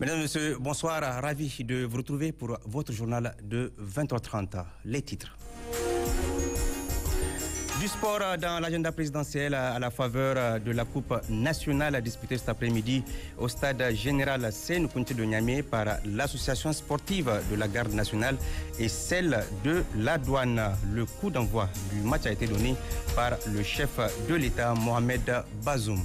Mesdames, Messieurs, bonsoir. Ravi de vous retrouver pour votre journal de 20h30. Les titres. Du sport dans l'agenda présidentiel à la faveur de la Coupe nationale disputée cet après-midi au stade général Seine-Kunti de Niamey par l'association sportive de la garde nationale et celle de la douane. Le coup d'envoi du match a été donné par le chef de l'État, Mohamed Bazoum.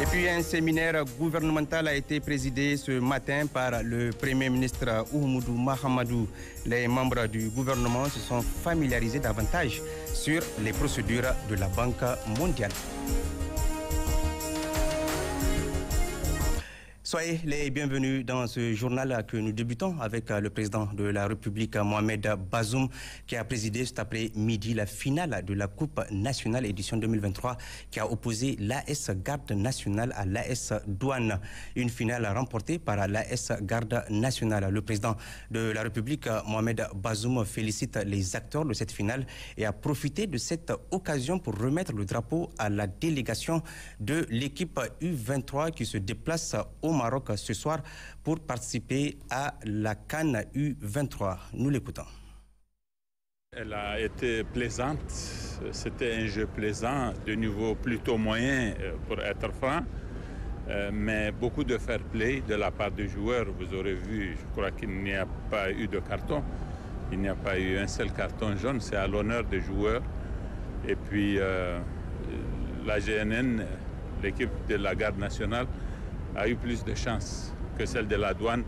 Et puis un séminaire gouvernemental a été présidé ce matin par le Premier ministre Oumoudou Mahamadou. Les membres du gouvernement se sont familiarisés davantage sur les procédures de la Banque mondiale. Soyez les bienvenus dans ce journal que nous débutons avec euh, le président de la République, Mohamed Bazoum, qui a présidé cet après-midi la finale de la Coupe nationale édition 2023 qui a opposé l'AS Garde nationale à l'AS Douane. Une finale remportée par l'AS Garde nationale. Le président de la République, Mohamed Bazoum, félicite les acteurs de cette finale et a profité de cette occasion pour remettre le drapeau à la délégation de l'équipe U23 qui se déplace au Maroc ce soir pour participer à la Cannes U23. Nous l'écoutons. Elle a été plaisante. C'était un jeu plaisant, de niveau plutôt moyen euh, pour être franc. Euh, mais beaucoup de fair play de la part des joueurs. Vous aurez vu, je crois qu'il n'y a pas eu de carton. Il n'y a pas eu un seul carton jaune. C'est à l'honneur des joueurs. Et puis, euh, la GNN, l'équipe de la garde nationale, a eu plus de chances que celle de la douane.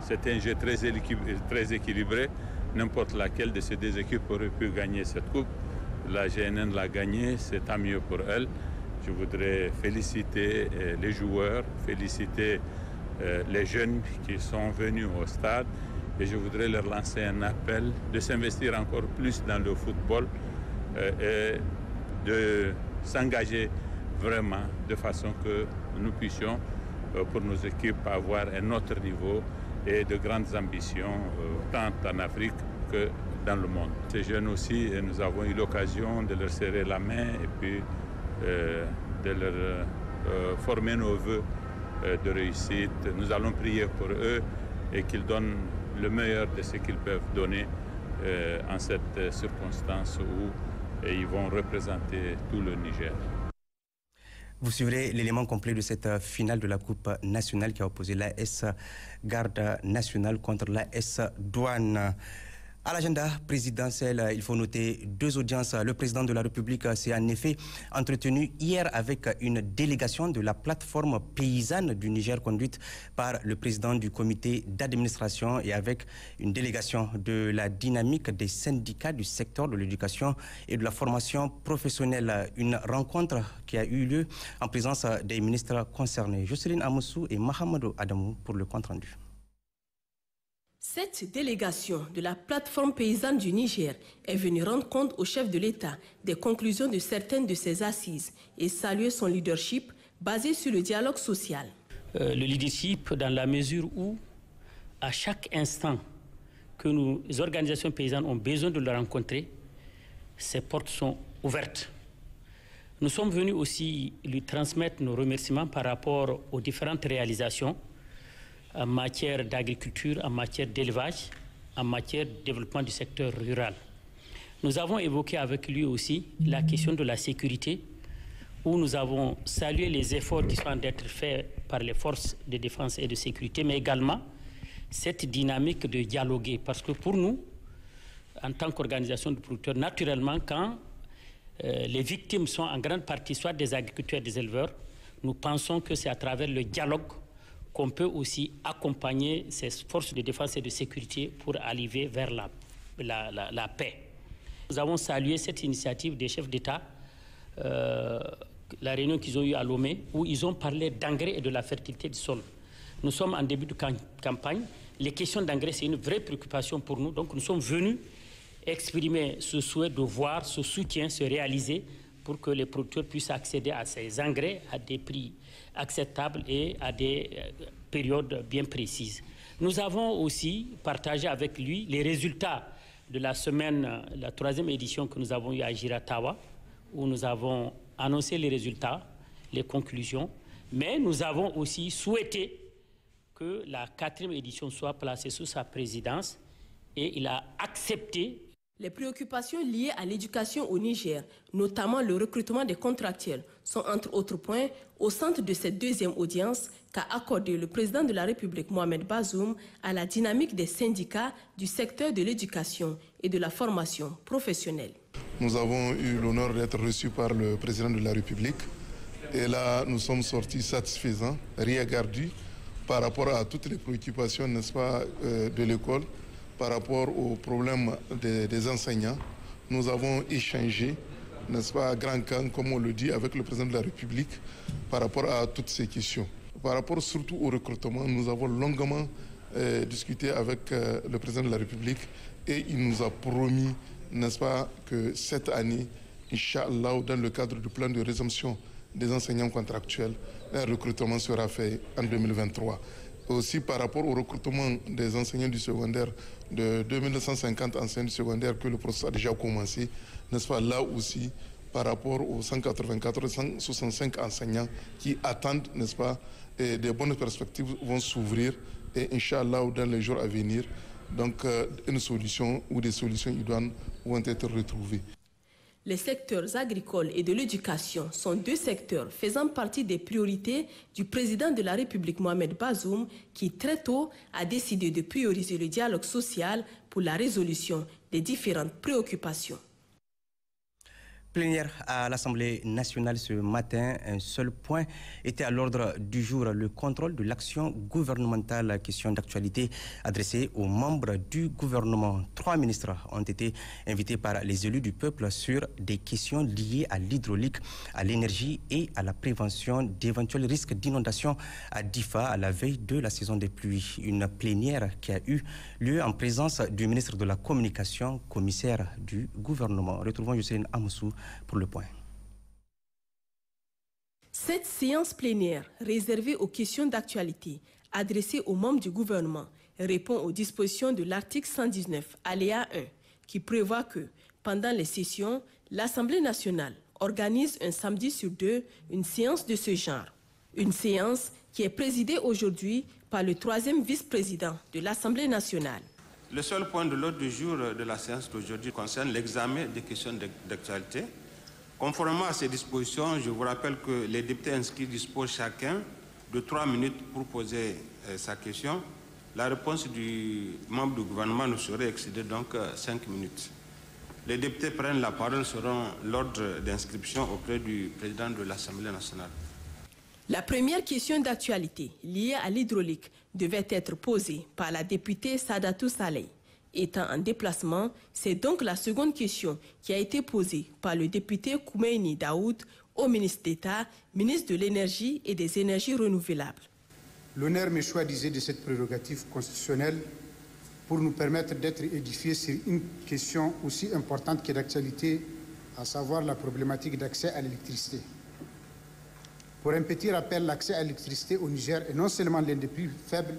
C'est un jeu très, très équilibré. N'importe laquelle de ces deux équipes aurait pu gagner cette coupe. La GNN l'a gagnée, c'est tant mieux pour elle. Je voudrais féliciter euh, les joueurs, féliciter euh, les jeunes qui sont venus au stade et je voudrais leur lancer un appel de s'investir encore plus dans le football euh, et de s'engager vraiment de façon que nous puissions euh, pour nos équipes à avoir un autre niveau et de grandes ambitions, euh, tant en Afrique que dans le monde. Ces jeunes aussi, euh, nous avons eu l'occasion de leur serrer la main et puis de leur former nos voeux de réussite. Nous allons prier pour eux et qu'ils donnent le meilleur de ce qu'ils peuvent donner en cette circonstance où ils vont représenter tout le Niger. Vous suivrez l'élément complet de cette euh, finale de la Coupe nationale qui a opposé la s Garde nationale contre la s Douane. À l'agenda présidentiel, euh, il faut noter deux audiences. Le président de la République euh, s'est en effet entretenu hier avec euh, une délégation de la plateforme paysanne du Niger conduite par le président du comité d'administration et avec une délégation de la dynamique des syndicats du secteur de l'éducation et de la formation professionnelle. Une rencontre qui a eu lieu en présence des ministres concernés, Jocelyne Amoussou et Mahamadou Adamou pour le compte rendu. Cette délégation de la plateforme paysanne du Niger est venue rendre compte au chef de l'État des conclusions de certaines de ses assises et saluer son leadership basé sur le dialogue social. Euh, le leadership dans la mesure où, à chaque instant que nos organisations paysannes ont besoin de le rencontrer, ses portes sont ouvertes. Nous sommes venus aussi lui transmettre nos remerciements par rapport aux différentes réalisations en matière d'agriculture, en matière d'élevage, en matière de développement du secteur rural. Nous avons évoqué avec lui aussi la question de la sécurité, où nous avons salué les efforts qui sont d'être faits par les forces de défense et de sécurité, mais également cette dynamique de dialoguer. Parce que pour nous, en tant qu'organisation de producteurs, naturellement, quand euh, les victimes sont en grande partie soit des agriculteurs et des éleveurs, nous pensons que c'est à travers le dialogue qu'on peut aussi accompagner ces forces de défense et de sécurité pour arriver vers la, la, la, paix. Nous avons salué cette initiative des chefs d'État, euh, la réunion qu'ils ont eue à Lomé, où ils ont parlé d'engrais et de la fertilité du sol. Nous sommes en début de campagne. Les questions d'engrais, c'est une vraie préoccupation pour nous. Donc nous sommes venus exprimer ce souhait de voir ce soutien se réaliser pour que les producteurs puissent accéder à ces engrais à des prix acceptable et à des euh, périodes bien précises. Nous avons aussi partagé avec lui les résultats de la semaine, la troisième édition que nous avons eue à Giratawa, où nous avons annoncé les résultats, les conclusions, mais nous avons aussi souhaité que la quatrième édition soit placée sous sa présidence et il a accepté les préoccupations liées à l'éducation au Niger, notamment le recrutement des contractuels, sont entre autres points au centre de cette deuxième audience qu'a accordée le président de la République Mohamed Bazoum à la dynamique des syndicats du secteur de l'éducation et de la formation professionnelle. Nous avons eu l'honneur d'être reçus par le président de la République et là nous sommes sortis satisfaisants, rien gardu par rapport à toutes les préoccupations, n'est-ce pas, euh, de l'école par rapport au problème des, enseignants. Nous avons échangé, n'est-ce pas, à grand camp, comme on le dit, avec le président de la République par rapport à toutes ces questions. Par rapport surtout au recrutement, nous avons longuement euh, discuté avec euh, le président de la République et il nous a promis, n'est-ce pas, que cette année, Inch'Allah, dans le cadre du plan de résumption des enseignants contractuels, un recrutement sera fait en 2023 aussi par rapport au recrutement des enseignants du secondaire, de 2950 enseignants du secondaire que le processus a déjà commencé, n'est-ce pas, là aussi, par rapport aux 184, 165 enseignants qui attendent, n'est-ce pas, et des bonnes perspectives vont s'ouvrir et Inch'Allah, dans les jours à venir, donc euh, une solution ou des solutions idoines vont être retrouvées. Les secteurs agricoles et de l'éducation sont deux secteurs faisant partie des priorités du président de la République Mohamed Bazoum qui très tôt a décidé de prioriser le dialogue social pour la résolution des différentes préoccupations. Plénière à l'Assemblée nationale ce matin, un seul point était à l'ordre du jour, le contrôle de l'action gouvernementale, question d'actualité adressée aux membres du gouvernement. Trois ministres ont été invités par les élus du peuple sur des questions liées à l'hydraulique, à l'énergie et à la prévention d'éventuels risques d'inondation à Difa à la veille de la saison des pluies. Une plénière qui a eu lieu en présence du ministre de la Communication, commissaire du gouvernement. Retrouvons Justine Amoussou pour le point. Cette séance plénière, réservée aux questions d'actualité, adressées aux membres du gouvernement, répond aux dispositions de l'article 119, aléa 1, qui prévoit que, pendant les sessions, l'Assemblée nationale organise un samedi sur deux une séance de ce genre. Une séance qui est présidée aujourd'hui par le troisième vice-président de l'Assemblée nationale. Le seul point de l'ordre du jour de la séance d'aujourd'hui concerne l'examen des questions d'actualité. Conformément à ces dispositions, je vous rappelle que les députés inscrits disposent chacun de trois minutes pour poser euh, sa question. La réponse du membre du gouvernement ne serait excédée donc euh, cinq minutes. Les députés prennent la parole selon l'ordre d'inscription auprès du président de l'Assemblée nationale. La première question d'actualité liée à l'hydraulique devait être posée par la députée Sadatou Saleh. Étant en déplacement, c'est donc la seconde question qui a été posée par le député Koumeini Daoud au ministre d'État, ministre de l'Énergie et des Énergies renouvelables. L'honneur me choisissait de cette prérogative constitutionnelle pour nous permettre d'être édifiés sur une question aussi importante que d'actualité, à savoir la problématique d'accès à l'électricité. Pour un petit rappel, l'accès à l'électricité au Niger est non seulement l'un des plus faibles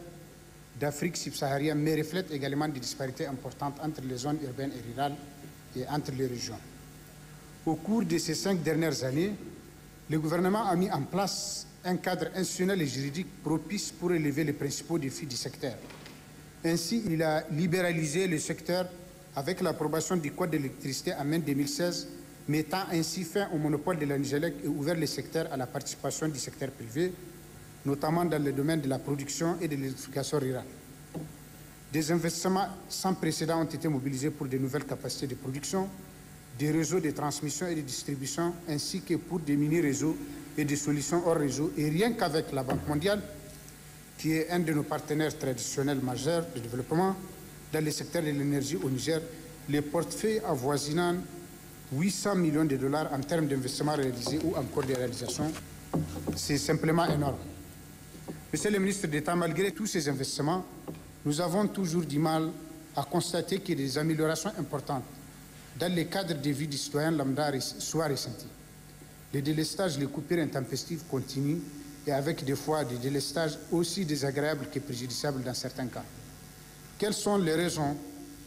d'Afrique subsaharienne, mais reflète également des disparités importantes entre les zones urbaines et rurales et entre les régions. Au cours de ces cinq dernières années, le gouvernement a mis en place un cadre institutionnel et juridique propice pour relever les principaux défis du secteur. Ainsi, il a libéralisé le secteur avec l'approbation du Code d'électricité l'électricité en mai 2016 mettant ainsi fin au monopole de l'Angélec et ouvert le secteur à la participation du secteur privé, notamment dans le domaine de la production et de l'éducation rurale. Des investissements sans précédent ont été mobilisés pour de nouvelles capacités de production, des réseaux de transmission et de distribution, ainsi que pour des mini-réseaux et des solutions hors réseau. Et rien qu'avec la Banque mondiale, qui est un de nos partenaires traditionnels majeurs de développement dans le secteur de l'énergie au Niger, les portefeuilles avoisinants 800 millions de dollars en termes d'investissements réalisés ou en cours de réalisation, c'est simplement énorme. Monsieur le ministre d'État, malgré tous ces investissements, nous avons toujours du mal à constater que des améliorations importantes dans les cadres de vie des citoyens lambda soient ressenties. Les délestages, les coupures intempestives continuent et avec des fois des délestages aussi désagréables que préjudiciables dans certains cas. Quelles sont les raisons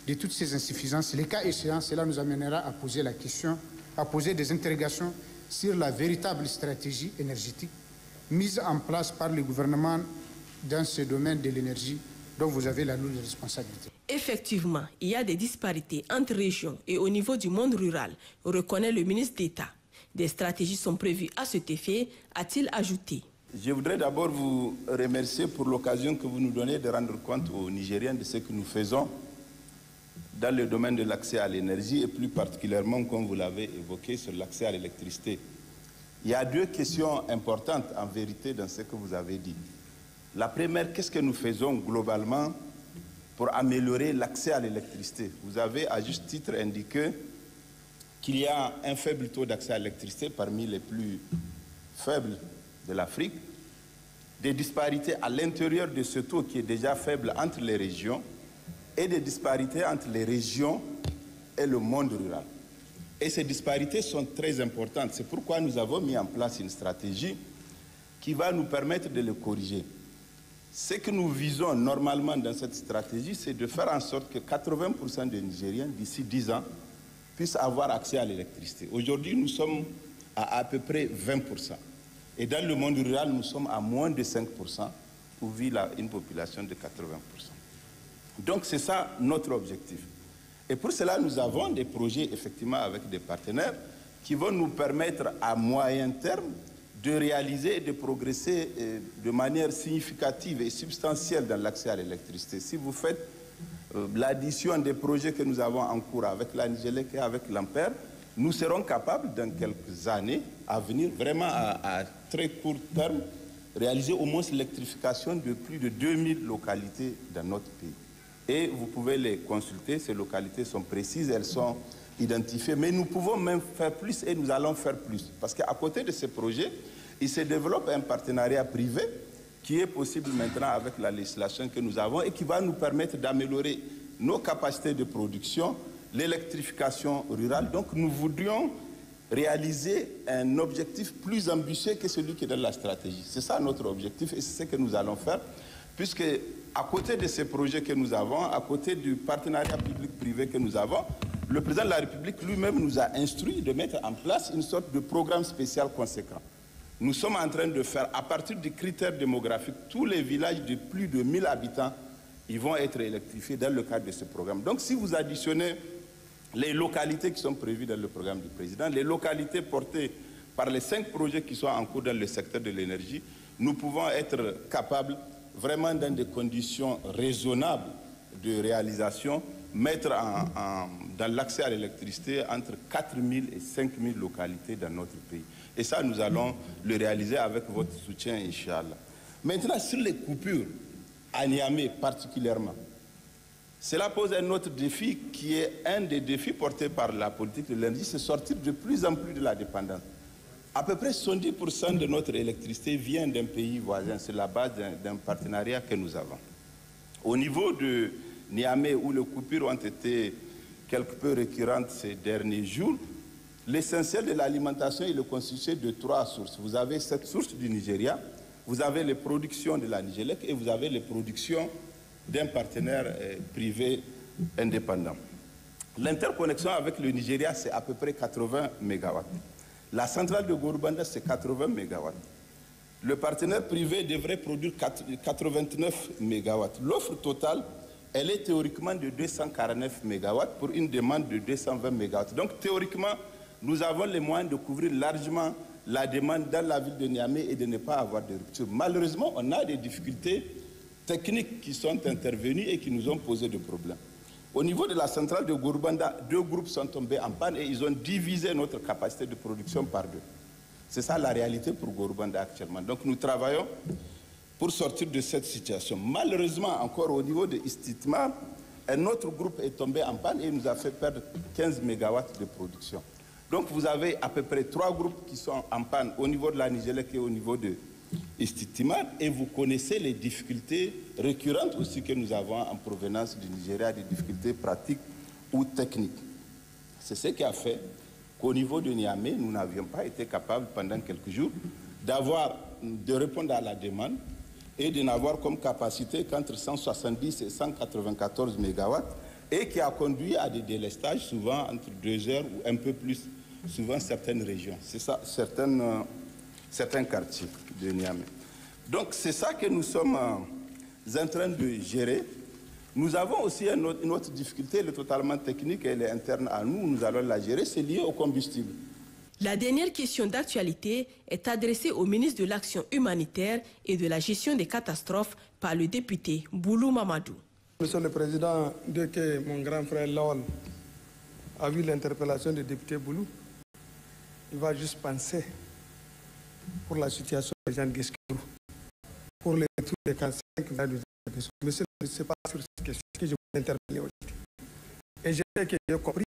de toutes ces insuffisances, les cas échéants, cela nous amènera à poser la question, à poser des interrogations sur la véritable stratégie énergétique mise en place par le gouvernement dans ce domaine de l'énergie dont vous avez la lourde responsabilité. Effectivement, il y a des disparités entre régions et au niveau du monde rural, reconnaît le ministre d'État. Des stratégies sont prévues à cet effet, a-t-il ajouté. Je voudrais d'abord vous remercier pour l'occasion que vous nous donnez de rendre compte aux Nigériens de ce que nous faisons dans le domaine de l'accès à l'énergie et plus particulièrement, comme vous l'avez évoqué, sur l'accès à l'électricité. Il y a deux questions importantes en vérité dans ce que vous avez dit. La première, qu'est-ce que nous faisons globalement pour améliorer l'accès à l'électricité Vous avez à juste titre indiqué qu'il y a un faible taux d'accès à l'électricité parmi les plus faibles de l'Afrique, des disparités à l'intérieur de ce taux qui est déjà faible entre les régions, et des disparités entre les régions et le monde rural. Et ces disparités sont très importantes. C'est pourquoi nous avons mis en place une stratégie qui va nous permettre de les corriger. Ce que nous visons normalement dans cette stratégie, c'est de faire en sorte que 80% des Nigériens, d'ici 10 ans, puissent avoir accès à l'électricité. Aujourd'hui, nous sommes à à peu près 20%. Et dans le monde rural, nous sommes à moins de 5%, où vit une population de 80%. Donc c'est ça notre objectif. Et pour cela, nous avons des projets effectivement avec des partenaires qui vont nous permettre à moyen terme de réaliser et de progresser euh, de manière significative et substantielle dans l'accès à l'électricité. Si vous faites euh, l'addition des projets que nous avons en cours avec la et avec l'Ampère, nous serons capables dans quelques années à venir, vraiment à, à très court terme, réaliser au moins l'électrification de plus de 2000 localités dans notre pays et vous pouvez les consulter. Ces localités sont précises, elles sont identifiées, mais nous pouvons même faire plus et nous allons faire plus. Parce qu'à côté de ces projets, il se développe un partenariat privé qui est possible maintenant avec la législation que nous avons et qui va nous permettre d'améliorer nos capacités de production, l'électrification rurale. Donc nous voudrions réaliser un objectif plus ambitieux que celui qui est dans la stratégie. C'est ça notre objectif et c'est ce que nous allons faire, puisque à côté de ces projets que nous avons, à côté du partenariat public-privé que nous avons, le président de la République lui-même nous a instruit de mettre en place une sorte de programme spécial conséquent. Nous sommes en train de faire, à partir des critères démographiques, tous les villages de plus de 1000 habitants, ils vont être électrifiés dans le cadre de ce programme. Donc si vous additionnez les localités qui sont prévues dans le programme du président, les localités portées par les cinq projets qui sont en cours dans le secteur de l'énergie, nous pouvons être capables vraiment dans des conditions raisonnables de réalisation, mettre dans l'accès à l'électricité entre 4 000 et 5 000 localités dans notre pays. Et ça, nous allons le réaliser avec votre soutien, Inch'Allah. Maintenant, sur les coupures, à Niamey particulièrement, cela pose un autre défi qui est un des défis portés par la politique de lundi, c'est sortir de plus en plus de la dépendance. À peu près 70% de notre électricité vient d'un pays voisin, C'est la base d'un partenariat que nous avons. Au niveau de Niamey, où les coupures ont été quelque peu récurrentes ces derniers jours, l'essentiel de l'alimentation est constitué de trois sources. Vous avez cette source du Nigeria, vous avez les productions de la Nigélec et vous avez les productions d'un partenaire euh, privé indépendant. L'interconnexion avec le Nigeria, c'est à peu près 80 MW. La centrale de Gorubanda, c'est 80 MW. Le partenaire privé devrait produire 89 MW. L'offre totale, elle est théoriquement de 249 MW pour une demande de 220 MW. Donc théoriquement, nous avons les moyens de couvrir largement la demande dans la ville de Niamey et de ne pas avoir de rupture. Malheureusement, on a des difficultés techniques qui sont intervenues et qui nous ont posé des problèmes. Au niveau de la centrale de Gourbanda, deux groupes sont tombés en panne et ils ont divisé notre capacité de production par deux. C'est ça la réalité pour Gourbanda actuellement. Donc nous travaillons pour sortir de cette situation. Malheureusement, encore au niveau de Istitma, un autre groupe est tombé en panne et nous a fait perdre 15 MW de production. Donc vous avez à peu près trois groupes qui sont en panne au niveau de la Nigélec et au niveau de et vous connaissez les difficultés récurrentes aussi que nous avons en provenance du Nigeria, des difficultés pratiques ou techniques. C'est ce qui a fait qu'au niveau de Niamey, nous n'avions pas été capables pendant quelques jours d'avoir, de répondre à la demande et de n'avoir comme capacité qu'entre 170 et 194 mégawatts et qui a conduit à des délestages souvent entre deux heures ou un peu plus, souvent certaines régions. C'est ça, certaines euh, certains quartiers de Niamey. Donc c'est ça que nous sommes euh, en train de gérer. Nous avons aussi une autre, difficulté, elle est totalement technique, elle est interne à nous, nous allons la gérer, c'est lié au combustible. La dernière question d'actualité est adressée au ministre de l'Action humanitaire et de la gestion des catastrophes par le député Boulou Mamadou. Monsieur le Président, dès que mon grand frère Laon a vu l'interpellation du député Boulou, il va juste penser pour la situation des gens Guesquerou, pour les, tous les cancer, mais ce n'est c'est pas sur cette question que je voulais intervenir aujourd'hui. Et j'ai que j'ai compris,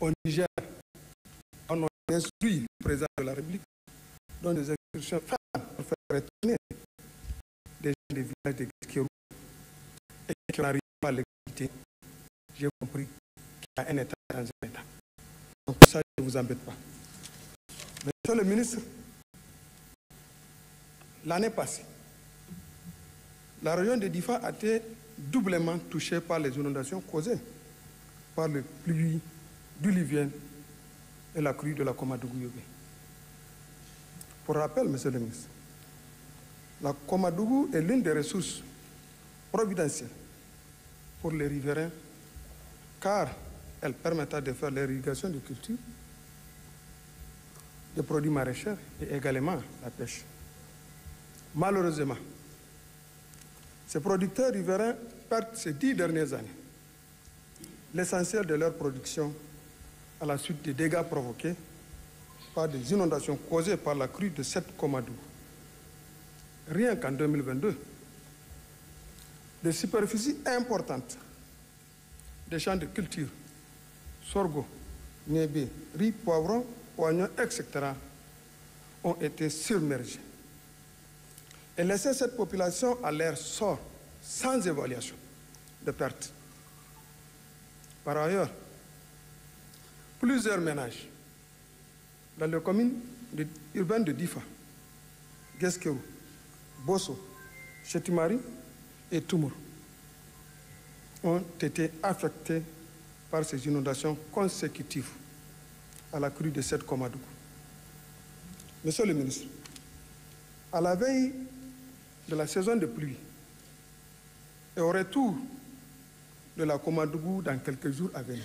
au Niger, on a instruit le président de la République dans des instructions femmes, pour faire retourner des gens villages de Guesquerou et qui ont pas à l'équité. J'ai compris qu'il y a un État dans un État. Donc ça, je ne vous embête pas. Monsieur le ministre, L'année passée, la région de Difa a été doublement touchée par les inondations causées par le pluie Livien et la crue de la komadougou Pour rappel, Monsieur le ministre, la Komadougou est l'une des ressources providentielles pour les riverains car elle permettra de faire l'irrigation de cultures, de produits maraîchers et également la pêche. Malheureusement, ces producteurs riverains perdent ces dix dernières années l'essentiel de leur production à la suite des dégâts provoqués par des inondations causées par la crue de cette Comadou. Rien qu'en 2022, des superficies importantes des champs de culture, sorgho, niébé, riz, poivron, oignon, etc., ont été surmergés et laisser cette population à l'air sort sans évaluation de perte. Par ailleurs, plusieurs ménages dans les communes urbaines de Difa, Geskeu, Bosso, Chetimari et Toumour ont été affectés par ces inondations consécutives à la crue de cette Komadougou. Monsieur le ministre, à la veille de la saison de pluie et au retour de la Comadougou dans quelques jours à venir.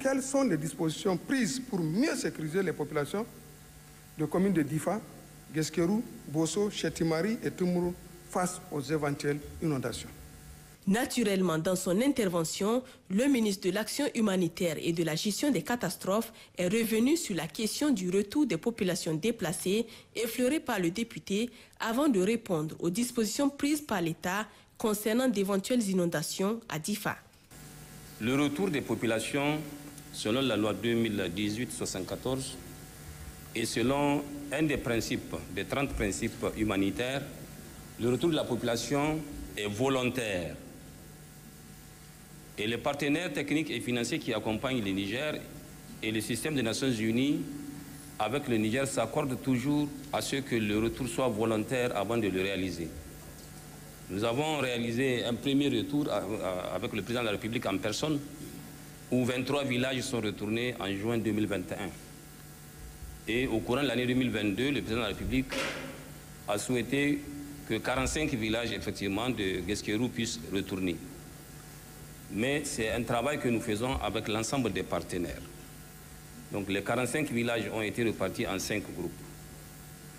Quelles sont les dispositions prises pour mieux sécuriser les populations de communes de Difa, Geskerou, Bosso, Chetimari et Tumuru face aux éventuelles inondations Naturellement, dans son intervention, le ministre de l'Action humanitaire et de la gestion des catastrophes est revenu sur la question du retour des populations déplacées effleurée par le député avant de répondre aux dispositions prises par l'État concernant d'éventuelles inondations à Difa. Le retour des populations, selon la loi 2018-74 et selon un des principes, des 30 principes humanitaires, le retour de la population est volontaire et les partenaires techniques et financiers qui accompagnent le Niger et le système des Nations Unies avec le Niger s'accordent toujours à ce que le retour soit volontaire avant de le réaliser. Nous avons réalisé un premier retour avec le président de la République en personne, où 23 villages sont retournés en juin 2021. Et au courant de l'année 2022, le président de la République a souhaité que 45 villages, effectivement, de Guesquerou puissent retourner mais c'est un travail que nous faisons avec l'ensemble des partenaires. Donc les 45 villages ont été repartis en 5 groupes.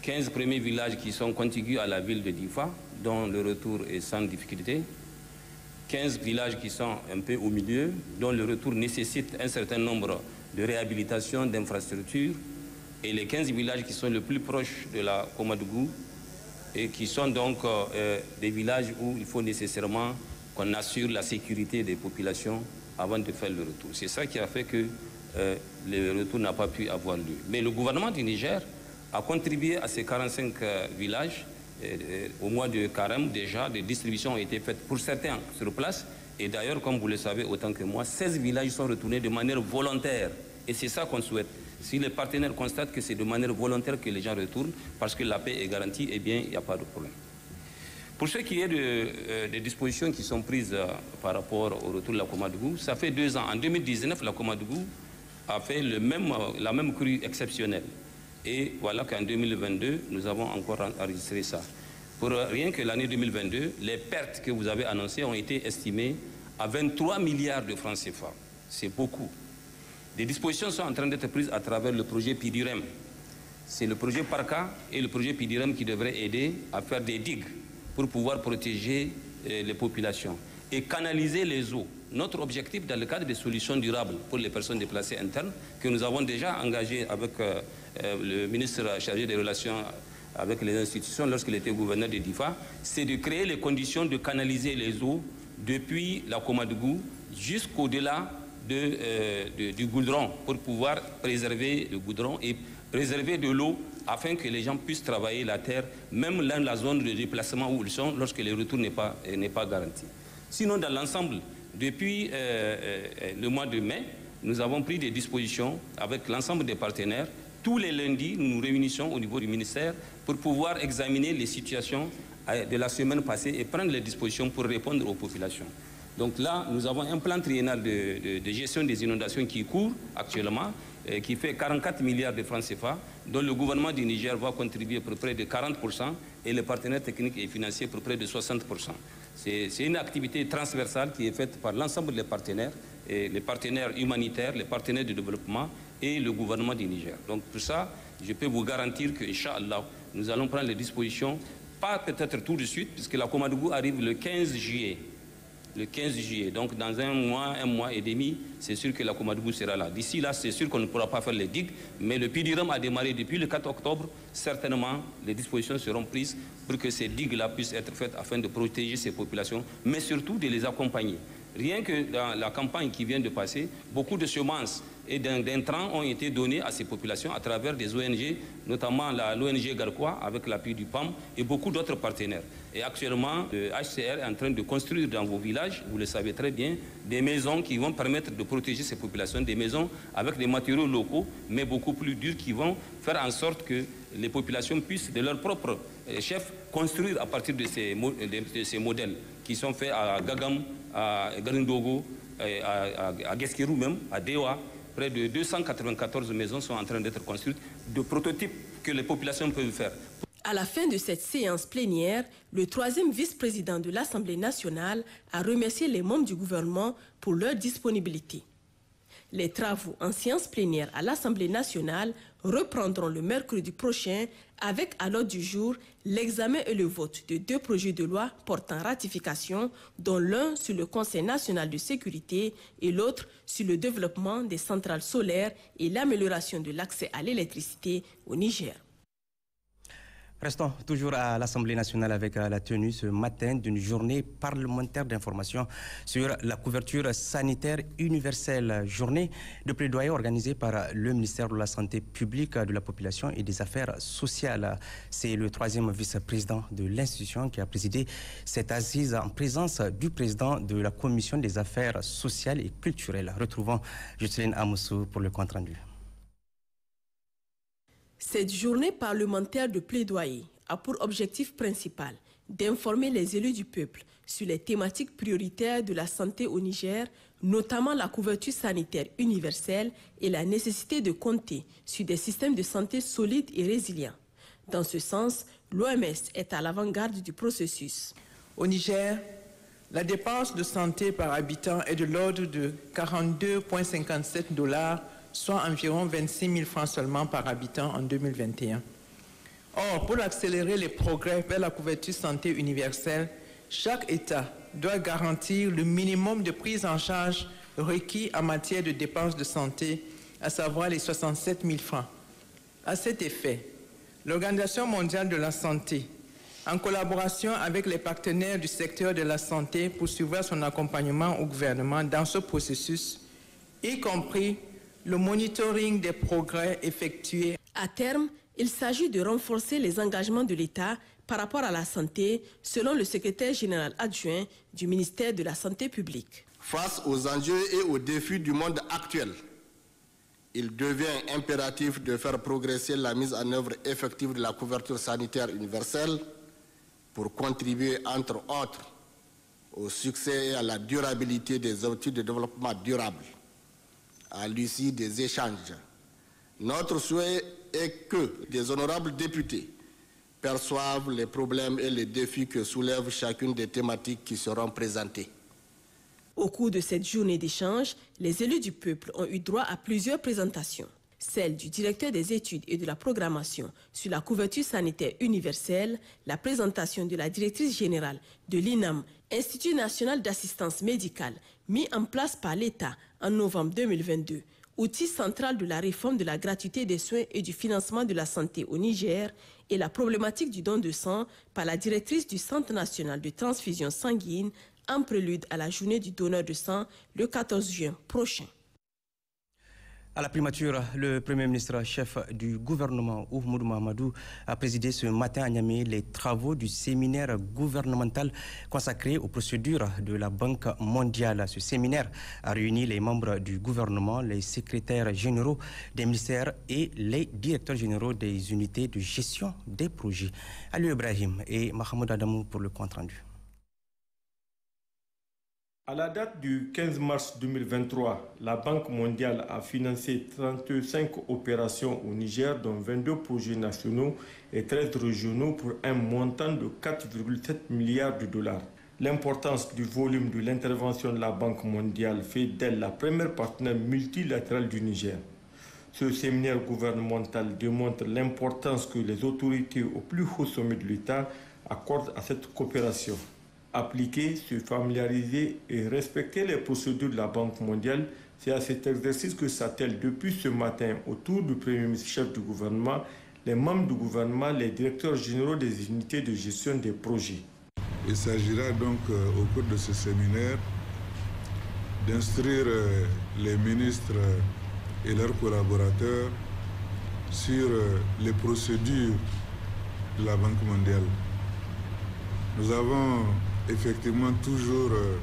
15 premiers villages qui sont contigus à la ville de Difa, dont le retour est sans difficulté. 15 villages qui sont un peu au milieu, dont le retour nécessite un certain nombre de réhabilitations d'infrastructures. Et les 15 villages qui sont le plus proches de la Komadougou et qui sont donc euh, des villages où il faut nécessairement qu'on assure la sécurité des populations avant de faire le retour. C'est ça qui a fait que euh, le retour n'a pas pu avoir lieu. Mais le gouvernement du Niger a contribué à ces 45 euh, villages. Euh, au mois de carême, déjà, des distributions ont été faites pour certains sur place. Et d'ailleurs, comme vous le savez autant que moi, 16 villages sont retournés de manière volontaire. Et c'est ça qu'on souhaite. Si les partenaires constatent que c'est de manière volontaire que les gens retournent, parce que la paix est garantie, eh bien, il n'y a pas de problème. Pour ce qui est euh, des dispositions qui sont prises euh, par rapport au retour de la Comadougou, ça fait deux ans. En 2019, la Comadougou a fait le même, euh, la même crue exceptionnelle. Et voilà qu'en 2022, nous avons encore enregistré ça. Pour rien que l'année 2022, les pertes que vous avez annoncées ont été estimées à 23 milliards de francs CFA. C'est beaucoup. Des dispositions sont en train d'être prises à travers le projet PIDUREM. C'est le projet PARCA et le projet PIDUREM qui devraient aider à faire des digues pour pouvoir protéger euh, les populations et canaliser les eaux. Notre objectif dans le cadre des solutions durables pour les personnes déplacées internes, que nous avons déjà engagé avec euh, euh, le ministre chargé des relations avec les institutions lorsqu'il était gouverneur de DIFA, c'est de créer les conditions de canaliser les eaux depuis la Comadougou jusqu'au-delà du goudron pour pouvoir préserver le goudron et préserver de l'eau afin que les gens puissent travailler la terre, même dans la zone de déplacement où ils sont, lorsque le retour n'est pas, euh, pas garanti. Sinon, dans l'ensemble, depuis euh, euh, le mois de mai, nous avons pris des dispositions avec l'ensemble des partenaires. Tous les lundis, nous nous réunissons au niveau du ministère pour pouvoir examiner les situations de la semaine passée et prendre les dispositions pour répondre aux populations. Donc là, nous avons un plan triennal de, gestion des inondations qui court actuellement, euh, qui fait 44 milliards de francs CFA, dont le gouvernement du Niger va contribuer pour près de 40% et les partenaires techniques et financiers pour près de 60%. C'est une activité transversale qui est faite par l'ensemble des partenaires, et les partenaires humanitaires, les partenaires de développement et le gouvernement du Niger. Donc pour ça, je peux vous garantir que, Inch'Allah, nous allons prendre les dispositions, pas peut-être tout de suite, puisque la goût arrive le 15 juillet le 15 juillet. Donc dans un mois, un mois et demi, c'est sûr que la Koumadoubou sera là. D'ici là, c'est sûr qu'on ne pourra pas faire les digues, mais le PIDIRAM a démarré depuis le 4 octobre. Certainement, les dispositions seront prises pour que ces digues-là puissent être faites afin de protéger ces populations, mais surtout de les accompagner. Rien que dans la campagne qui vient de passer, beaucoup de semences et d'intrants ont été donnés à ces populations à travers des ONG, notamment l'ONG Garquois avec l'appui du PAM et beaucoup d'autres partenaires. Et actuellement, le HCR est en train de construire dans vos villages, vous le savez très bien, des maisons qui vont permettre de protéger ces populations, des maisons avec des matériaux locaux, mais beaucoup plus durs, qui vont faire en sorte que les populations puissent, de leur propre euh, chef, construire à partir de ces, de ces modèles qui sont faits à Gagam, à Garindogo, à, à, même, à Dewa, près de 294 maisons sont en train d'être construites, de prototypes que les populations peuvent faire. À la fin de cette séance plénière, le troisième vice-président de l'Assemblée nationale a remercié les membres du gouvernement pour leur disponibilité. Les travaux en séance plénière à l'Assemblée nationale reprendront le mercredi prochain avec à l'ordre du jour l'examen et le vote de deux projets de loi portant ratification, dont l'un sur le Conseil national de sécurité et l'autre sur le développement des centrales solaires et l'amélioration de l'accès à l'électricité au Niger. Restons toujours à l'Assemblée nationale avec euh, la tenue ce matin d'une journée parlementaire d'information sur la couverture sanitaire universelle. Journée de plaidoyer organisée par le ministère de la Santé publique, de la population et des affaires sociales. C'est le troisième vice-président de l'institution qui a présidé cette assise en présence du président de la commission des affaires sociales et culturelles. Retrouvons Justine Amoussou pour le compte-rendu. Cette journée parlementaire de plaidoyer a pour objectif principal d'informer les élus du peuple sur les thématiques prioritaires de la santé au Niger, notamment la couverture sanitaire universelle et la nécessité de compter sur des systèmes de santé solides et résilients. Dans ce sens, l'OMS est à l'avant-garde du processus. Au Niger, la dépense de santé par habitant est de l'ordre de 42,57 dollars soit environ 26 000 francs seulement par habitant en 2021. Or, pour accélérer les progrès vers la couverture santé universelle, chaque État doit garantir le minimum de prise en charge requis en matière de dépenses de santé, à savoir les 67 000 francs. À cet effet, l'Organisation mondiale de la santé, en collaboration avec les partenaires du secteur de la santé, poursuivra son accompagnement au gouvernement dans ce processus, y compris le monitoring des progrès effectués. À terme, il s'agit de renforcer les engagements de l'État par rapport à la santé, selon le secrétaire général adjoint du ministère de la Santé publique. Face aux enjeux et aux défis du monde actuel, il devient impératif de faire progresser la mise en œuvre effective de la couverture sanitaire universelle pour contribuer, entre autres, au succès et à la durabilité des outils de développement durable à l'issue des échanges. Notre souhait est que des honorables députés perçoivent les problèmes et les défis que soulève chacune des thématiques qui seront présentées. Au cours de cette journée d'échange, les élus du peuple ont eu droit à plusieurs présentations. Celle du directeur des études et de la programmation sur la couverture sanitaire universelle, la présentation de la directrice générale de l'INAM, Institut national d'assistance médicale, mis en place par l'État en novembre 2022, outil central de la réforme de la gratuité des soins et du financement de la santé au Niger, et la problématique du don de sang par la directrice du Centre national de transfusion sanguine en prélude à la journée du donneur de sang le 14 juin prochain. À la primature, le Premier ministre chef du gouvernement, Oumoud Mamadou, a présidé ce matin à Niamey les travaux du séminaire gouvernemental consacré aux procédures de la Banque mondiale. Ce séminaire a réuni les membres du gouvernement, les secrétaires généraux des ministères et les directeurs généraux des unités de gestion des projets. Ali Ibrahim et Mahmoud Adamou pour le compte-rendu. À la date du 15 mars 2023, la Banque mondiale a financé 35 opérations au Niger, dont 22 projets nationaux et 13 régionaux pour un montant de 4,7 milliards de dollars. L'importance du volume de l'intervention de la Banque mondiale fait d'elle la première partenaire multilatérale du Niger. Ce séminaire gouvernemental démontre l'importance que les autorités au plus haut sommet de l'État accordent à cette coopération appliquer, se familiariser et respecter les procédures de la Banque mondiale. C'est à cet exercice que s'attellent depuis ce matin autour du Premier ministre chef du gouvernement, les membres du gouvernement, les directeurs généraux des unités de gestion des projets. Il s'agira donc euh, au cours de ce séminaire d'instruire euh, les ministres euh, et leurs collaborateurs sur les procédures de la Banque mondiale. Nous avons effectivement toujours euh,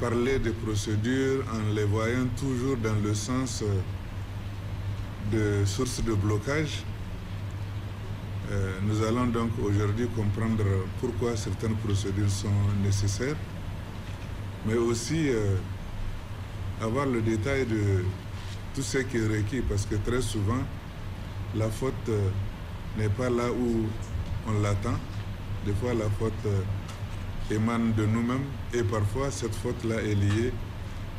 parler des procédures en les voyant toujours dans le sens euh, de sources de blocage. Euh, nous allons donc aujourd'hui comprendre pourquoi certaines procédures sont nécessaires, mais aussi avoir le détail de tout ce qui est requis, parce que très souvent, la faute n'est pas là où on l'attend. Des fois, la faute émane de nous-mêmes et parfois cette faute-là est liée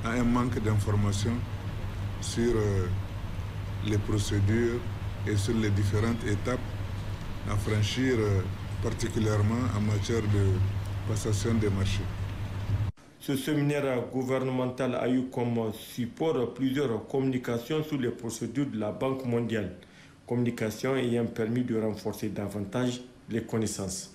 à un manque d'information sur euh, les procédures et sur les différentes étapes à franchir, euh, particulièrement en matière de passation des marchés. Ce séminaire gouvernemental a eu comme support plusieurs communications sur les procédures de la Banque mondiale, communications ayant permis de renforcer davantage les connaissances.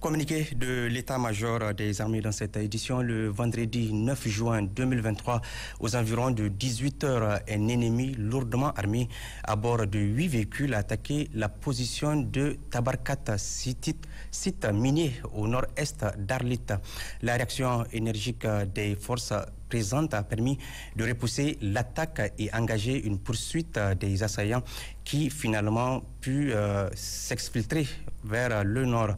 Communiqué de l'état-major des armées dans cette édition, le vendredi 9 juin 2023, aux environs de 18h, un ennemi lourdement armé à bord de huit véhicules a attaqué la position de Tabarkat, site, site minier au nord-est d'Arlit. La réaction énergique des forces présentes a permis de repousser l'attaque et engager une poursuite des assaillants qui finalement pu euh, s'exfiltrer vers le nord.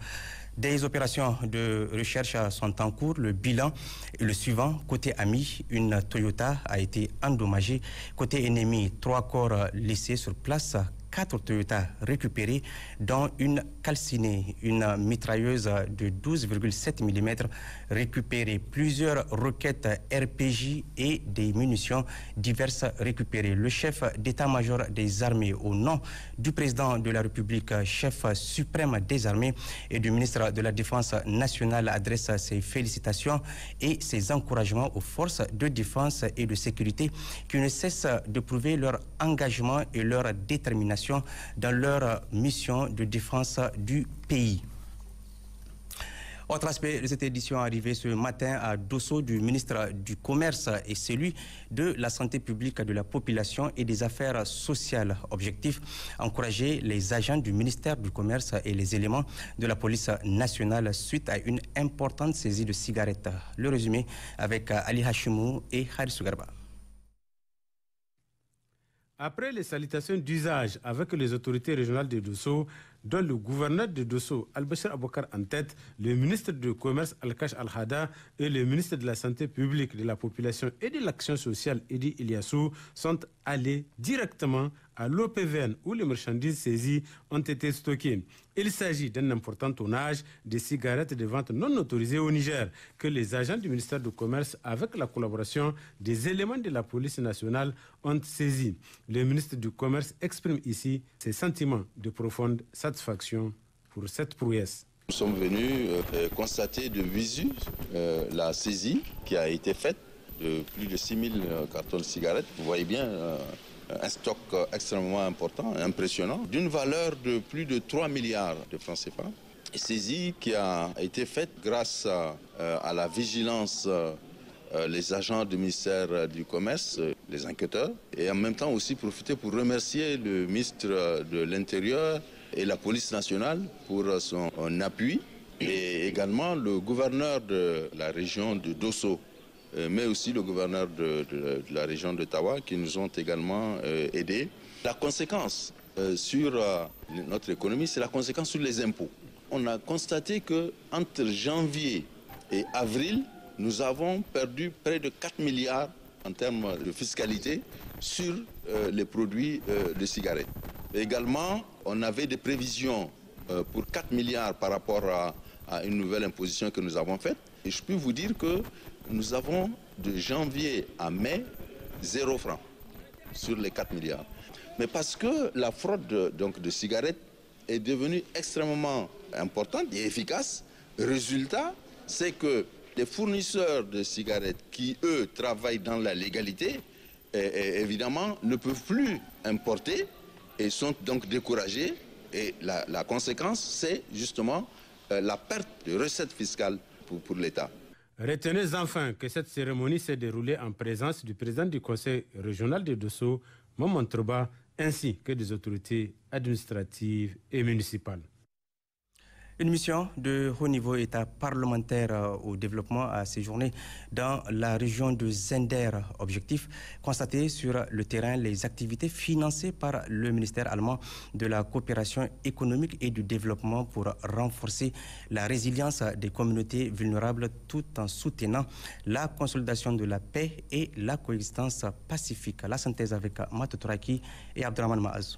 Des opérations de recherche sont en cours. Le bilan est le suivant. Côté ami, une Toyota a été endommagée. Côté ennemi, trois corps laissés sur place quatre Toyota récupérés, dont une calcinée, une mitrailleuse de 12,7 mm récupérée, plusieurs roquettes RPJ et des munitions diverses récupérées. Le chef d'état-major des armées, au nom du président de la République, chef suprême des armées et du ministre de la Défense nationale, adresse ses félicitations et ses encouragements aux forces de défense et de sécurité qui ne cessent de prouver leur engagement et leur détermination dans leur mission de défense du pays. Autre aspect de cette édition arrivée ce matin à Dosso du ministre du Commerce et celui de la Santé publique de la population et des affaires sociales. Objectif, encourager les agents du ministère du Commerce et les éléments de la police nationale suite à une importante saisie de cigarettes. Le résumé avec Ali Hashimou et Haris après les salutations d'usage avec les autorités régionales de Dosso, dont le gouverneur de Dosso, Al-Bashir Abokar en tête, le ministre du Commerce, Al-Kash Al-Hada, et le ministre de la Santé publique, de la Population et de l'Action sociale, Edi Iliassou, sont allés directement à l'OPVN où les marchandises saisies ont été stockées. Il s'agit d'un important tonnage de cigarettes de vente non autorisées au Niger que les agents du ministère du Commerce, avec la collaboration des éléments de la police nationale, ont saisi. Le ministre du Commerce exprime ici ses sentiments de profonde satisfaction pour cette prouesse. Nous sommes venus euh, euh, constater de visu euh, la saisie qui a été faite de plus de 6000 cartons de cigarettes. Vous voyez bien un stock extrêmement important, impressionnant, d'une valeur de plus de 3 milliards de francs CFA. Saisie qui a été faite grâce à, la vigilance les agents du ministère du Commerce, les enquêteurs, et en même temps aussi profiter pour remercier le ministre de l'Intérieur et la police nationale pour son appui et également le gouverneur de la région de Dosso, euh, mais aussi le gouverneur de, la région d'Ottawa qui nous ont également euh, aidés. La conséquence euh, sur notre économie, c'est la conséquence sur les impôts. On a constaté que entre janvier et avril, nous avons perdu près de 4 milliards en termes de fiscalité sur les produits de cigarettes. Également, on avait des prévisions euh, pour 4 milliards par rapport à, une nouvelle imposition que nous avons faite. Et je peux vous dire que nous avons de janvier à mai 0 franc sur les 4 milliards. Mais parce que la fraude donc, de cigarettes est devenue extrêmement importante et efficace, résultat, c'est que les fournisseurs de cigarettes qui, eux, travaillent dans la légalité, évidemment, ne peuvent plus importer et sont donc découragés. Et la, conséquence, c'est justement euh, la perte de recettes fiscales pour, l'État. Retenez enfin que cette cérémonie s'est déroulée en présence du président du Conseil régional de Dosso, Maman ainsi que des autorités administratives et municipales. Une mission de haut niveau État parlementaire euh, au développement a séjourné dans la région de Zender. Objectif constater sur le terrain les activités financées par le ministère allemand de la coopération économique et du développement pour renforcer la résilience des communautés vulnérables tout en soutenant la consolidation de la paix et la coexistence pacifique. La synthèse avec Matouraki et Abdraman Maazou.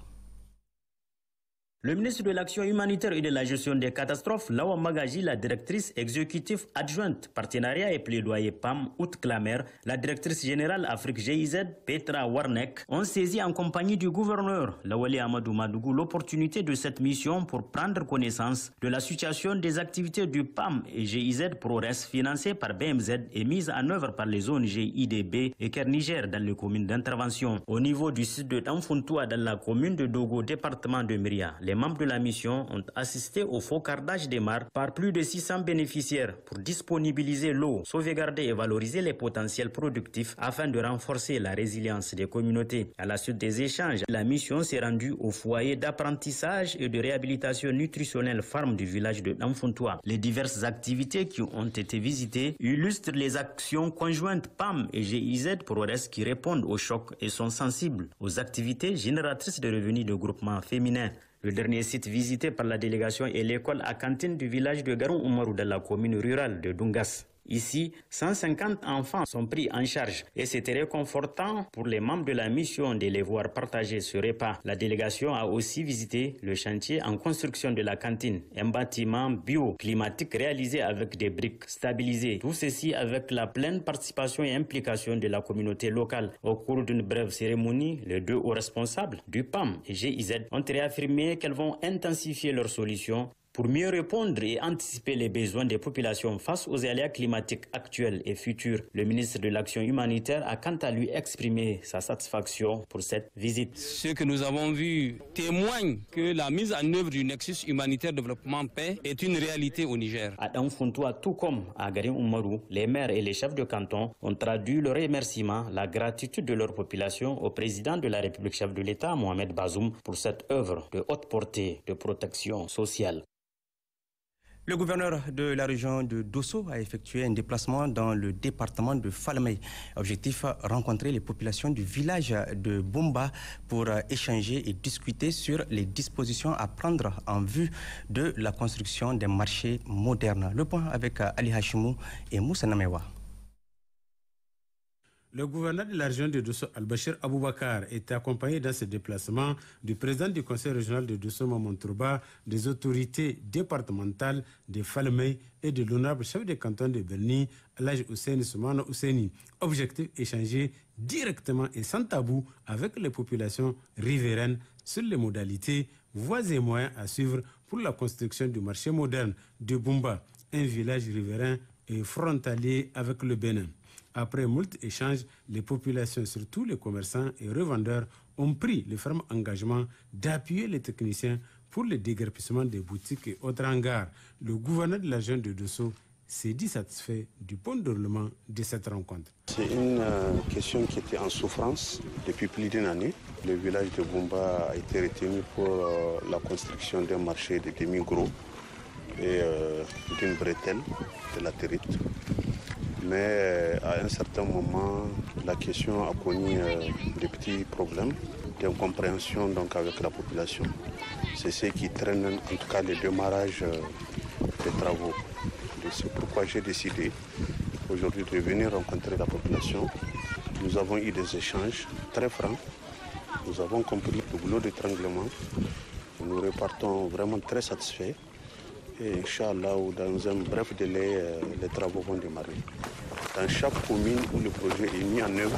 Le ministre de l'Action humanitaire et de la gestion des catastrophes, Lawa Magaji, la directrice exécutive adjointe partenariat et plaidoyer PAM, Out Klamer, la directrice générale Afrique GIZ, Petra Warnek, ont saisi en compagnie du gouverneur Lawali Amadou Madougou l'opportunité de cette mission pour prendre connaissance de la situation des activités du PAM et GIZ ProRes financées par BMZ et mises en œuvre par les zones GIDB et Kerniger Niger dans les communes d'intervention. Au niveau du site de Tampuntoua dans la commune de Dogo, département de Myria, les membres de la mission ont assisté au faux cardage des marques par plus de 600 bénéficiaires pour disponibiliser l'eau, sauvegarder et valoriser les potentiels productifs afin de renforcer la résilience des communautés. À la suite des échanges, la mission s'est rendue au foyer d'apprentissage et de réhabilitation nutritionnelle farm du village de Namfontois. Les diverses activités qui ont été visitées illustrent les actions conjointes PAM et GIZ ProRes qui répondent aux chocs et sont sensibles aux activités génératrices de revenus de groupements féminins. Le dernier site visité par la délégation est l'école à cantine du village de Garon Oumarou dans la commune rurale de Dungas. Ici, 150 enfants sont pris en charge et c'était réconfortant pour les membres de la mission de les voir partager ce repas. La délégation a aussi visité le chantier en construction de la cantine, un bâtiment bio-climatique réalisé avec des briques stabilisées. Tout ceci avec la pleine participation et implication de la communauté locale. Au cours d'une brève cérémonie, les deux hauts responsables du PAM et GIZ ont réaffirmé qu'elles vont intensifier leurs solutions pour mieux répondre et anticiper les besoins des populations face aux aléas climatiques actuels et futurs. Le ministre de l'Action humanitaire a quant à lui exprimé sa satisfaction pour cette visite. Ce que nous avons vu témoigne que la mise en œuvre du nexus humanitaire développement paix est une réalité au Niger. À Danfuntua, tout comme à Garim Oumarou, les maires et les chefs de canton ont traduit le remerciement, la gratitude de leur population au président de la République, chef de l'État, Mohamed Bazoum, pour cette œuvre de haute portée de protection sociale. Le gouverneur de la région de Dosso a effectué un déplacement dans le département de Falmey. Objectif, rencontrer les populations du village de Bumba pour échanger et discuter sur les dispositions à prendre en vue de la construction des marchés modernes. Le point avec Ali Hashimou et Moussa Namewa. Le gouverneur de la région de Dosso, Al-Bashir Aboubakar, est accompagné dans ce déplacement du président du conseil régional de Dosso, Mamontrouba, des autorités départementales de Falmey et de l'honorable chef de canton de Berni, Alaj Hussein Soumana Husseini. Objectif échanger directement et sans tabou avec les populations riveraines sur les modalités, voies et moyens à suivre pour la construction du marché moderne de Bumba, un village riverain et frontalier avec le Bénin. Après moult échanges, les populations, surtout les commerçants et revendeurs, ont pris le ferme engagement d'appuyer les techniciens pour le déguerpissement des boutiques et autres hangars. Le gouverneur de la jeune de Dosso s'est dit satisfait du bon déroulement de cette rencontre. C'est une euh, question qui était en souffrance depuis plus d'une année. Le village de Bumba a été retenu pour euh, la construction d'un marché de demi-gros et euh, d'une bretelle de la mais euh, à un certain moment, la question a connu euh, des petits problèmes d'incompréhension donc avec la population. C'est ce qui traîne en tout cas le démarrage euh, des travaux. C'est pourquoi j'ai décidé aujourd'hui de venir rencontrer la population. Nous avons eu des échanges très francs. Nous avons compris le boulot d'étranglement. Nous repartons vraiment très satisfaits. Et Inch'Allah, dans un bref délai, euh, les travaux vont démarrer. Dans chaque commune où le projet est mis en œuvre,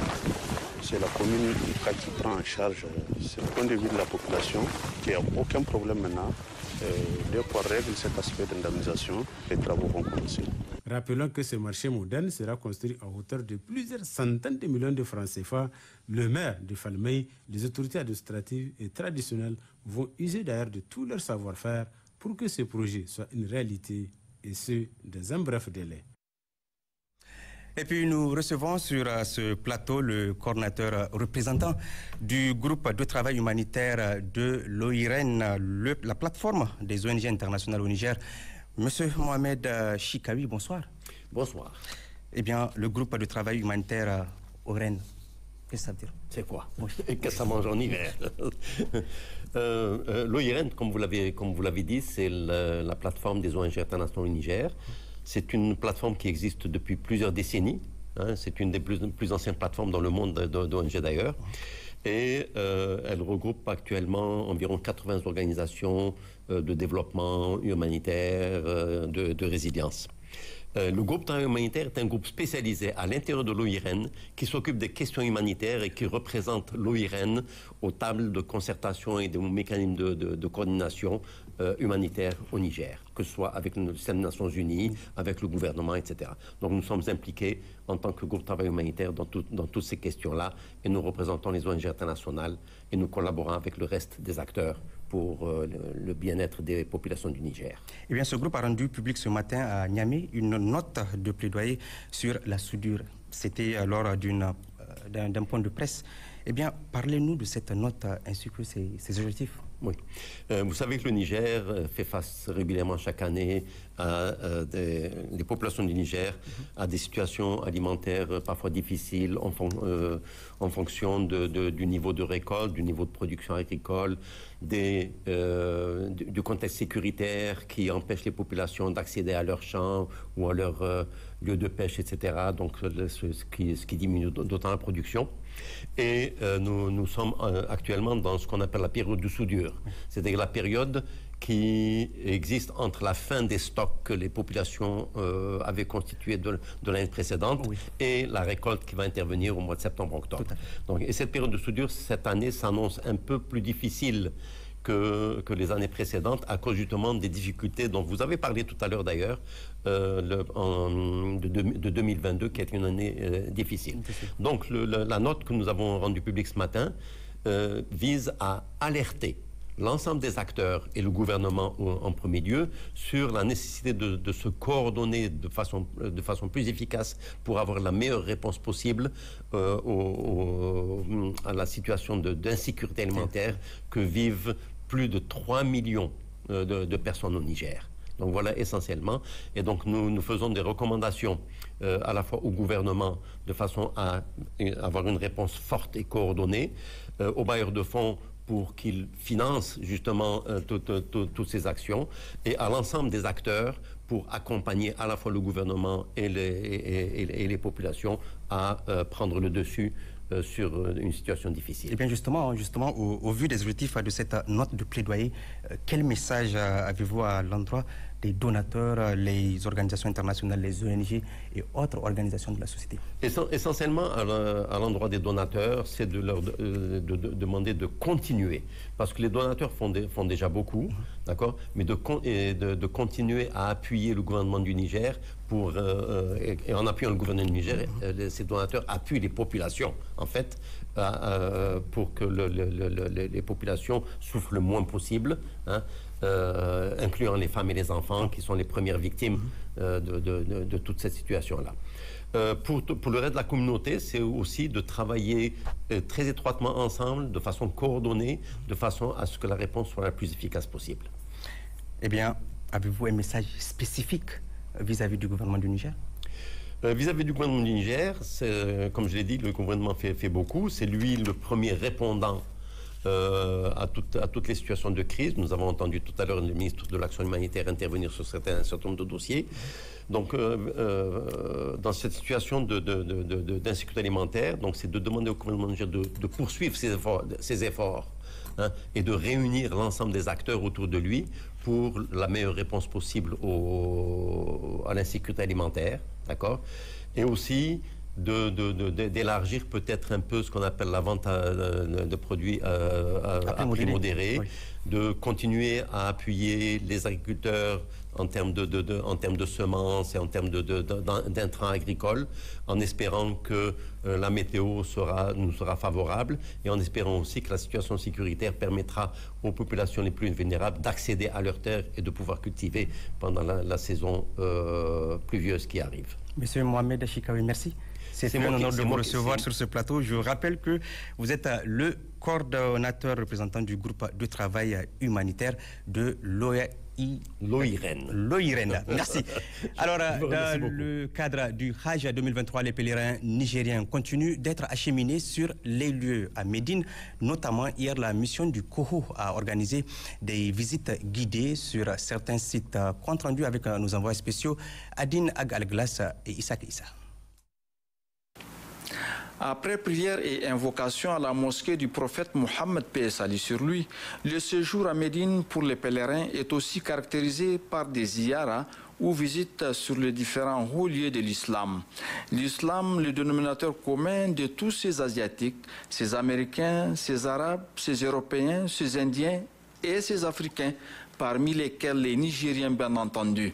c'est la commune qui prend en charge euh, ce point de vue de la population, qui n'a aucun problème maintenant. Et euh, dès qu'on règle cet aspect d'indemnisation, les travaux vont commencer. Rappelons que ce marché moderne sera construit à hauteur de plusieurs centaines de millions de francs CFA. Le maire de Falmey, les autorités administratives et traditionnelles vont user d'ailleurs de tout leur savoir-faire pour que ce projet soit une réalité, et ce, dans un bref délai. Et puis nous recevons sur euh, ce plateau le coordinateur euh, représentant du groupe de travail humanitaire de l'OIREN, la plateforme des ONG internationales au Niger, Monsieur Mohamed euh, Chikawi. Bonsoir. Bonsoir. Eh bien, le groupe de travail humanitaire au Qu'est-ce que ça veut dire C'est quoi Qu'est-ce que ça mange en hiver euh, euh, comme vous l'avez dit, c'est la plateforme des ONG internationales au Niger. C'est une plateforme qui existe depuis plusieurs décennies. Hein. c'est une des plus, plus, anciennes plateformes dans le monde d'ONG d'ailleurs. Et euh, elle regroupe actuellement environ 80 organisations de développement humanitaire, de résilience. Euh, le groupe de travail humanitaire est un groupe spécialisé à l'intérieur de l'OIRN qui s'occupe des questions humanitaires et qui représente l'OIRN aux tables de concertation et des mécanismes de, coordination euh, humanitaire au Niger, que ce soit avec les Nations Unies, avec le gouvernement, etc. Donc nous sommes impliqués en tant que groupe de travail humanitaire dans toutes ces questions-là et nous représentons les ONG internationales et nous collaborons avec le reste des acteurs pour euh, le, bien-être des populations du Niger. Eh bien, ce groupe a rendu public ce matin à Niamey une note de plaidoyer sur la soudure. C'était lors euh, d'un point de presse. Eh bien, parlez-nous de cette note ainsi que ses, ses objectifs. Oui. Euh, vous savez que le Niger fait face régulièrement chaque année à, des, les populations du Niger à des situations alimentaires euh, parfois difficiles en, euh, fonction du niveau de récolte, du niveau de production agricole, des, euh, du, contexte sécuritaire qui empêche les populations d'accéder à leurs champs ou à leurs lieux de pêche, etc. Donc ce, qui, diminue d'autant la production. Et nous, nous, sommes actuellement dans ce qu'on appelle la période de soudure, c'est-à-dire la période qui existe entre la fin des stocks que les populations euh, avaient constitués de, l'année précédente et la récolte qui va intervenir au mois de septembre-octobre. et cette période de soudure, cette année, s'annonce un peu plus difficile que, les années précédentes à cause justement des difficultés dont vous avez parlé tout à l'heure d'ailleurs euh, de, 2022 qui est une année euh, difficile. Donc la, note que nous avons rendue publique ce matin vise à alerter l'ensemble des acteurs et le gouvernement en premier lieu sur la nécessité de, se coordonner de façon, euh, de façon plus efficace pour avoir la meilleure réponse possible euh, à la situation d'insécurité alimentaire que vivent plus de 3 millions euh, de, personnes au Niger. Donc voilà essentiellement. Et donc nous, nous faisons des recommandations à la fois au gouvernement de façon à, avoir une réponse forte et coordonnée, aux bailleurs de fonds pour qu'il finance justement euh, toutes ces actions et à l'ensemble des acteurs pour accompagner à la fois le gouvernement et les, les populations à euh, prendre le dessus euh, sur une situation difficile. Et eh bien justement, justement au, au vu des objectifs hein, de cette note de plaidoyer, quel message avez-vous à l'endroit les donateurs, euh, les organisations internationales, les ONG et autres organisations de la société. Essentiellement, à l'endroit des donateurs, c'est de leur euh, demander de continuer. Parce que les donateurs font, déjà beaucoup, d'accord Mais de, continuer à appuyer le gouvernement du Niger pour, euh, et, en appuyant le gouvernement du Niger, mm-hmm. ces donateurs appuient les populations, en fait, pour que les populations souffrent le moins possible. Hein. Euh, incluant les femmes et les enfants, qui sont les premières victimes mhm. euh, de, de, toute cette situation-là. Euh, pour, pour, le reste de la communauté, c'est aussi de travailler très étroitement ensemble, de façon coordonnée, de façon à ce que la réponse soit la plus efficace possible. Eh bien, avez-vous un message spécifique vis-à-vis du gouvernement du Niger Vis-à-vis du gouvernement du Niger, comme je l'ai dit, le gouvernement fait, fait beaucoup. C'est lui le premier répondant euh, à, à, toutes les situations de crise. Nous avons entendu tout à l'heure le ministre de l'Action humanitaire intervenir sur certains, un certain nombre de dossiers. Donc, euh, euh, dans cette situation d'insécurité alimentaire, donc c'est de demander au gouvernement de, de poursuivre ses efforts, ses efforts hein, et de réunir l'ensemble des acteurs autour de lui pour la meilleure réponse possible à l'insécurité alimentaire, d'accord Et aussi d'élargir peut-être un peu ce qu'on appelle la vente euh, de produits euh, euh, à, prix modéré, de continuer à appuyer les agriculteurs en termes de, en de semences et en termes d'intrants agricoles, en espérant que la météo sera, nous sera favorable et en espérant aussi que la situation sécuritaire permettra aux populations les plus vulnérables d'accéder à leurs terres et de pouvoir cultiver pendant la, saison euh, pluvieuse qui arrive. Monsieur Mohamed Achikawi, merci. C'est mon honneur de vous recevoir sur ce plateau. Je rappelle que vous êtes euh, le coordonnateur représentant du groupe de travail humanitaire de L'OIREN. E merci. Alors, dans euh, le cadre du Hajj 2023, les pèlerins nigériens continuent d'être acheminés sur les lieux à Médine. Notamment, hier, la mission du COHO a organisé des visites guidées sur certains sites, euh, compte rendu avec nos envois spéciaux Adine Agalglas et Issa Issa. Après prière et invocation à la mosquée du prophète Mohammed Ali sur lui, le séjour à Médine pour les pèlerins est aussi caractérisé par des ziyaras ou visites sur les différents hauts lieux de l'islam. L'islam, le dénominateur commun de tous ces Asiatiques, ces Américains, ces Arabes, ces Européens, ces Indiens et ces Africains, parmi lesquels les Nigériens bien entendu.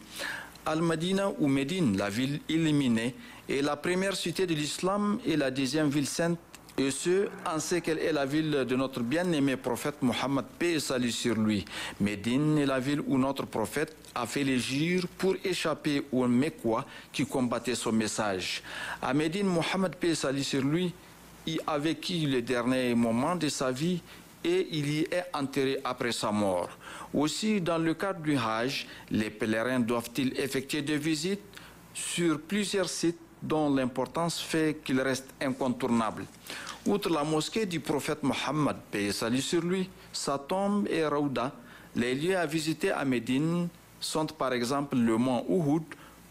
Al-Madina ou Médine, la ville illuminée, et la première cité de l'islam et la deuxième ville sainte, et ce, en ce qu'elle est la ville de notre bien-aimé prophète Mohammed, paix et salut sur lui. Médine est la ville où notre prophète a fait les jures pour échapper aux Mécois qui combattaient son message. À Médine, Mohammed, paix et salut sur lui, y a vécu le dernier moment de sa vie et il y est enterré après sa mort. Aussi, dans le cadre du Hajj, les pèlerins doivent-ils effectuer des visites sur plusieurs sites dont l'importance fait qu'il reste incontournable. Outre la mosquée du prophète Mohammed, paix salut sur lui, sa tombe et Raouda, les lieux à visiter à Médine sont par exemple le mont Uhud,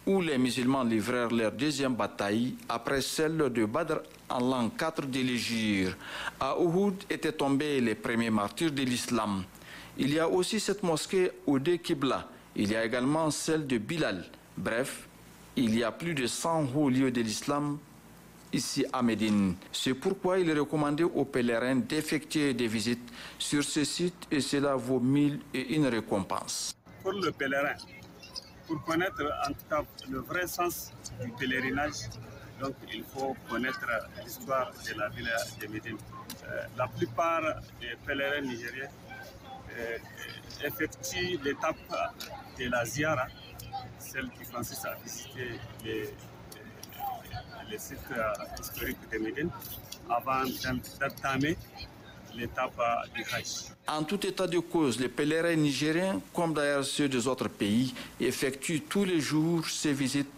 où les musulmans livrèrent leur deuxième bataille après celle de Badr en l'an 4 de l'Égypte. À Uhud étaient tombés les premiers martyrs de l'islam. Il y a aussi cette mosquée au Kibla. Il y a également celle de Bilal. Bref, il y a plus de 100 hauts lieux de l'islam ici à Médine. C'est pourquoi il est recommandé aux pèlerins d'effectuer des visites sur ce site et cela vaut mille et une récompenses. Pour le pèlerin, pour connaître en tout cas le vrai sens du pèlerinage, donc il faut connaître l'histoire de la ville de Médine. Euh, la plupart des pèlerins nigériens euh, effectuent l'étape de la Ziara celle qui consiste à visiter le site sites euh, de Médine avant d'entamer l'étape euh, du Hajj. En tout état de cause, les pèlerins nigériens, comme d'ailleurs ceux des autres pays, effectuent tous les jours ces visites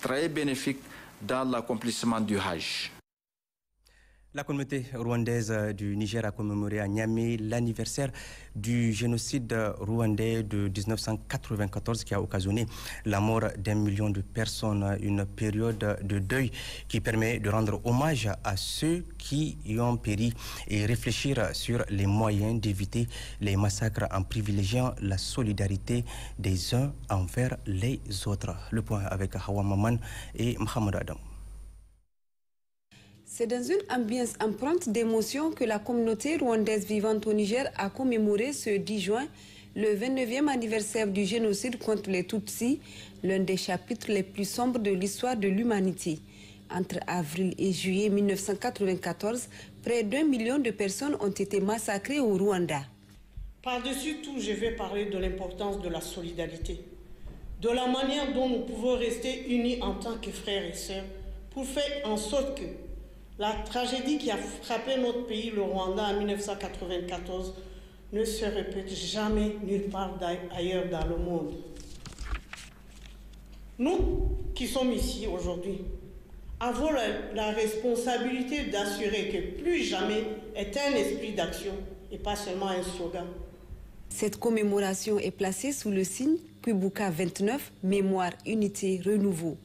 très bénéfiques dans l'accomplissement du Hajj. La communauté rwandaise du Niger a commémoré à Niamey l'anniversaire du génocide rwandais de 1994 qui a occasionné la mort d'un million de personnes, une période de deuil qui permet de rendre hommage à ceux qui y ont péri et réfléchir sur les moyens d'éviter les massacres en privilégiant la solidarité des uns envers les autres. Le point avec Hawa Maman et Mohamed Adam. C'est dans une ambiance empreinte d'émotion que la communauté rwandaise vivante au Niger a commémoré ce 10 juin le 29e anniversaire du génocide contre les Tutsis, l'un des chapitres les plus sombres de l'histoire de l'humanité. Entre avril et juillet 1994, près d'un million de personnes ont été massacrées au Rwanda. Par-dessus tout, je vais parler de l'importance de la solidarité, de la manière dont nous pouvons rester unis en tant que frères et sœurs pour faire en sorte que la tragédie qui a frappé notre pays, le Rwanda, en 1994, ne se répète jamais nulle part ailleurs dans le monde. Nous qui sommes ici aujourd'hui avons la, responsabilité d'assurer que plus jamais est un esprit d'action et pas seulement un slogan. Cette commémoration est placée sous le signe Kubuka 29, Mémoire, Unité, Renouveau.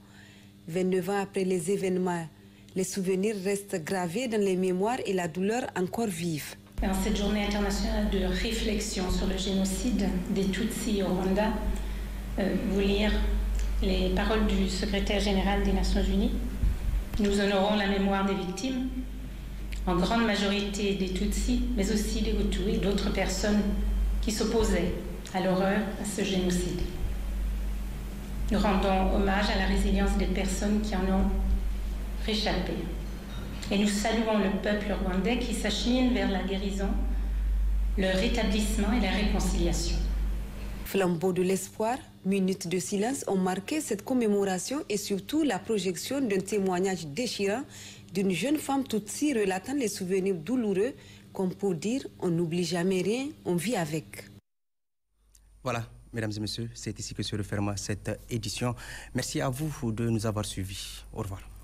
29 ans après les événements les souvenirs restent gravés dans les mémoires et la douleur encore vive. Dans cette journée internationale de réflexion sur le génocide des Tutsis au Rwanda, euh, vous lire les paroles du secrétaire général des Nations Unies. Nous honorons la mémoire des victimes, en grande majorité des Tutsis, mais aussi des Hutus et d'autres personnes qui s'opposaient à l'horreur, à ce génocide. Nous rendons hommage à la résilience des personnes qui en ont et nous saluons le peuple rwandais qui s'achemine vers la guérison, le rétablissement et la réconciliation. Flambeau de l'espoir, minutes de silence ont marqué cette commémoration et surtout la projection d'un témoignage déchirant d'une jeune femme tutsi relatant les souvenirs douloureux, comme pour dire on n'oublie jamais rien, on vit avec. Voilà, mesdames et messieurs, c'est ici que se referme cette édition. Merci à vous de nous avoir suivis. Au revoir.